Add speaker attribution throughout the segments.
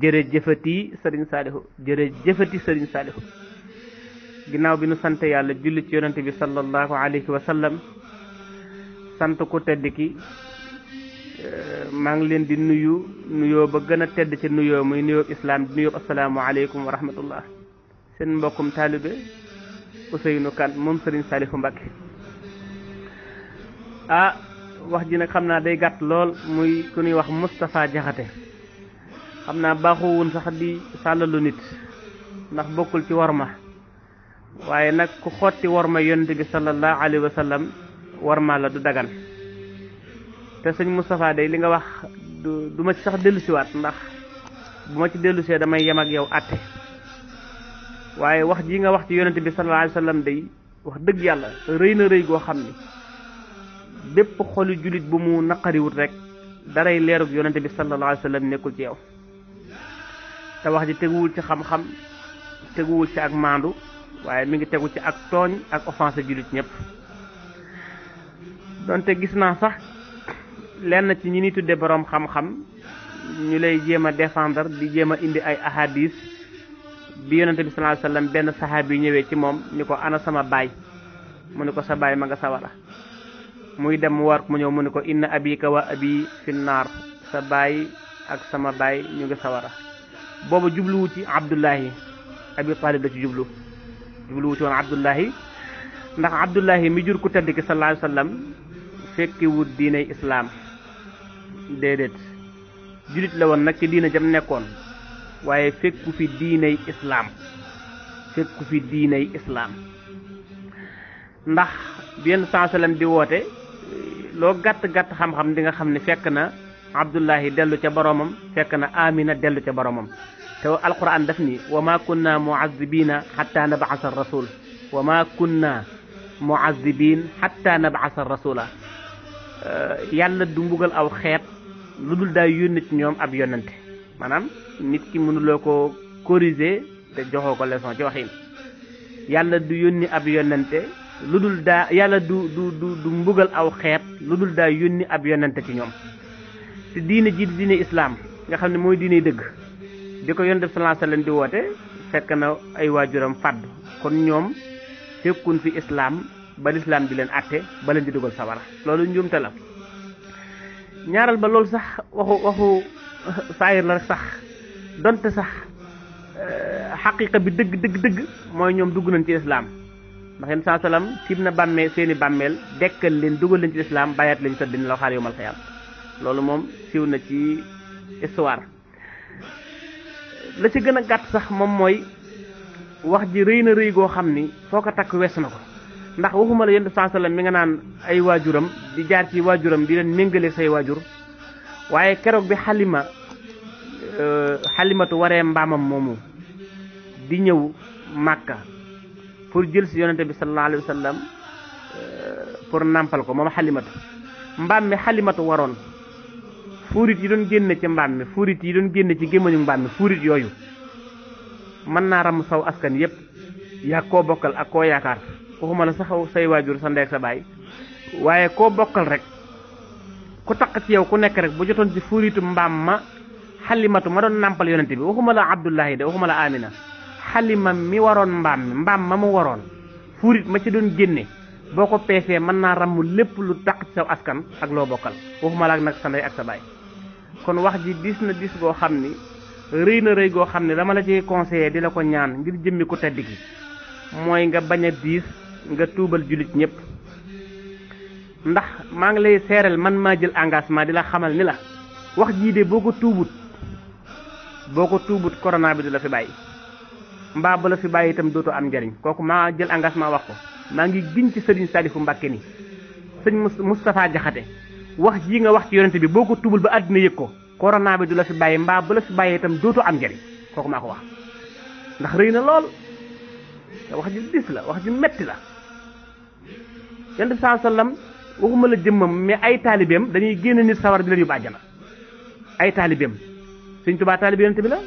Speaker 1: sëriñ Serigne Saliou jërëjëfati sëriñ Saliou ginnaaw bi nu sant yàlla julli ci yonante bi sallallahu alayhi wa sallam sant ku tedd ki euh, maa ngi leen di nuyu nuyoo ba gën a tedd ci nuyoo muy nuyoo islaam di nuyoo asalaamu aleykum wa rahmatullah seen mbokkum taalibe Ousseynou Kane moom Serigne Saliou Mbacké ah wax ji nag xam naa day gàtt lool muy ku nuy wax Moustapha Jaxate xam naa baaxoo woon sax di sàllalu nit ndax bokkul ci ma waaye nag ku xotti ma yonent bi sallallahu alayhi wa sallam warma la du dagal te sëñ Moustapha day li nga wax du ma ci sax dellusiwaat ndax bu ma ci dellusee damay yam ak yow àtte waaye wax ji nga wax ci yonent bi sallallahu alayhi wa sallam day wax dëgg yàlla rëy na rëy goo xam ni bépp xolu jullit bu mu naqariwut rek daray leerug yonent bi sallallahu alayhi wa sallam nekkul ci yow te wax ji teguwul ci xam-xam teguwul ci ak maandu waaye mi ngi tegu ci ak tooñ ak offense jullit ñëpp donte gis naa sax lenn ci ñi ni tudde boroom xam-xam ñu lay jéem a défendre di jéem a indi ay ahadis bi yonente bi sallallahu alayhi wasallam benn saxaabi ñëwee ci moom ni ko ana sama baay mu ni ko sa baay ma nga sawara muy dem mu war mu ñëw mu ni ko inna abika wa abi fi naar sa baay ak sama baay ñu ngi sawara booba jubluwu ci abdullahi abi talib la ci jublu jubluwu ci woon abdullahi ndax abdullahi mi jur ku tedd ki sallallahu alayhi wa sallam fekkiwut diiney islaam déedéet julit la woon nag ci diina jam nekkoon waaye fekku fi diiney islaam fekku fi diiney islaam ndax bi yenn saa di woote loo gàtt-gàtt xam-xam di nga xam ni fekk na abdullahi dellu ca boroomam fekk na amina dellu ca boroomam te alquran def ni wa ma kunna muazibina xatta nabasa rasul wa ma kunna muazibin xatta nabasa rasula euh, yàlla du mbugal aw xeet lu dul daay yónni ci ñoom ab yonnante maanaam nit ki mënuloo ko corriger te joxoo ko leçon yàlla du yónni ab yonante lu dul daa yàlla du du du du mbugal aw xeet lu dul daay yónni ab yonnante ci ñoom te diine ji diine islaam nga xam ne mooy diine dëgg bi ko yonent bi sallallahu leen di woote fekk na ay waajuram fàdd kon ñoom fekkun fi islaam ba lislaam di leen àtte ba leen di dugal sawara loolu njuumte la ñaaral ba loolu sax waxu waxu saayir la sax donte sax euh, xaqiqa bi dëgg dëgg dëgg mooy ñoom dugg nañ ci islaam ndax yéen saa salaam tiim na bàmmee seeni bàmmeel dekkal leen dugal leen ci islaam bàyyaat leen tëdd dina la xaar yowmal xiyaam loolu moom siiw na ci histoire la ci gën a gàtt sax moom mooy wax ji rëy na rëy goo xam ni foo ko takk wees na ko ndax waxuma la yenn bi sallam mi nga naan ay waajuram di jaar ci waajuram di leen méngale say waajur waaye keroog bi xalima euh, xalimatu waree mbaamam moomu di ñëw màkka pour jël si yonent bi sallallahu alayhi wa sallam euh, pour nàmpal ko moom xalimatu mbaam mi xalimatu waroon fuurit yi doon génn ci mbaam mi fuurit yi doon génn ci gémmañu mbaam mi fuurit yooyu mën naa ram saw askan yépp yaa koo bokkal ak koo yaakaar waxuma la sax say waajur sa ndeeg sa baay waaye koo bokkal rek ku taq ci yow ku nekk rek bu jotoon ci fuuritu mbaam ma xalimatu ma doon nàmpal yonent bi waxuma la abdullahi de waxuma la amina xalima mi waroon mbaam mi mbaam ma mu waroon fuurit ma ci doon génne boo ko peesee mën naa ramm lépp lu taq saw askan ak loo bokkal waxuma la nag sa ndey kon wax ji diis na diis goo xam ni rëy na rëy goo xam ne dama la ci conseillé di la ko ñaan ngir jëmmi ku tedd gi mooy nga bañ a diis nga tuubal jullit ñépp ndax maa ngi lay seeral man maa jël engagement di la xamal ni la wax jii de boo ko tuubut boo ko tuubut corona bi du la fi bàyyi mbaa ba la fi bàyyi itam dootu am njariñ kooku maa jël engagement wax ko maa ngi giñ ci sëriñ Salifu Mbàkke ni sëñ Moustapha Jaxate wax ji nga wax ci yonente bi boo ko tubul ba àddina yëg ko corona bi du la fi bàyyi mbaa bu la fi bàyyee itam dootu am njariñ kooku maa ko wax ndax rëy na lool te wax ji dis la wax ji metti la yonente bi saa sallam waxuma la jëmmam mais ay taalibeem dañuy génn nit sawar bi leen yóbbu àjjana ay taalibeem sëñ tubaa taalibe yonente bi la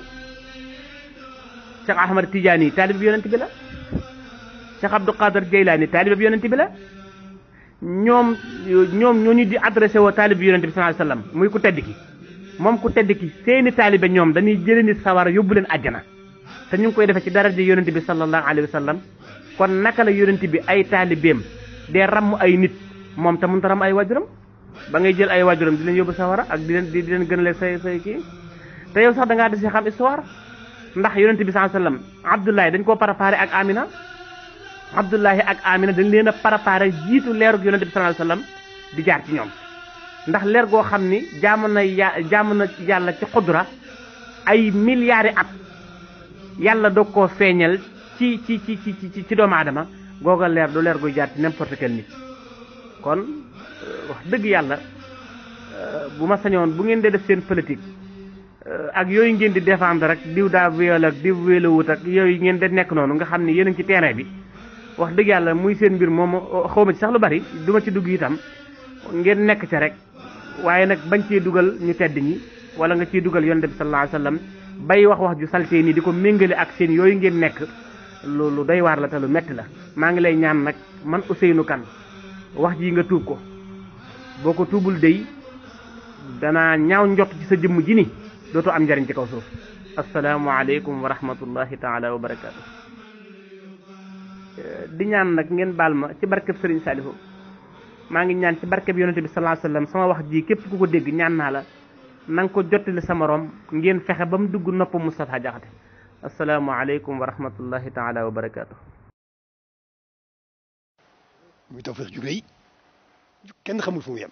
Speaker 1: Cheikh Ahmad Tidiane yi taalibe bi yonente bi la Cheikh Abdou Qadir Jeylaani taalibe bi bi la ñoom ñoom ñoo ñooñu di adressé woo taalib bi yonent bi sallallahu alayhi muy ku tedd ki moom ku tedd ki seeni taalibe ñoom dañuy jëlee ni sawar yóbbu leen àjjana te ñu ngi koy defee ci daraja yonent bi sallallahu alayhi wasallam kon naka la yonent bi ay taalibeem dee ramm ay nit moom te mënut a ramm ay waajuram ba ngay jël ay waajuram di leen yóbbu sawara ak di leen di leen gënale say say kii te yow sax da ngaa des xam histoire ndax yonent bi sallallahu alayhi wasallam Abdoulaye dañ koo préparé ak Amina Abdullahi ak Amina dañ leen a préparé jiitu leeru yonente bi sallallahu alayhi wasallam di jaar ci ñoom ndax leer goo xam ni jaamu na ya jaamu na yàlla ci xudra ay milliards at yàlla doog ko feeñal ci ci ci ci ci doomu aadama googa leer du leer guy jaar ci n'importe quel nit kon euh, wax dëgg yàlla euh, bu ma sañoon bu ngeen dee def seen politique euh, ak yooyu ngeen di défendre rek diw daa wéyal ak diw wéyalawut ak yooyu ngeen di nekk noonu nga xam ne yéen ci terrain bi wax dëgg yàlla muy seen mbir moom xaw ma ci sax lu bari duma ci dugg itam ngeen nekk ca rek waaye nag bañ cee dugal ñu tedd ñi wala nga ciy dugal yonent bi sallallahu alayhi wasallam wax wax ju saltee nii di ko méngale ak seen yooyu ngeen nekk loolu doy waar la lu metti la maa ngi lay ñaan nag man Ousseynou Kane wax jii nga tuub ko ko tuubul dey danaa ñaaw njott ci sa jëmm ji ni am njariñ ci kaw suuf aleykum wa rahmatullahi taala wa barakaatu Euh, di ñaan nag ngeen baal ma ci barkeb Serigne Saliou maa ngi ñaan ci barkeb yonente bi sallallahu alayhi wasallam sama wax jii képp ku ko dégg ñaan naa la na nga ko jottali sa morom ngeen fexe ba mu dugg nopp Moustapha Diakhaté asalaamaaleykum wa rahmatullahi taala wa barakaatu. muy kenn xamul fu yem.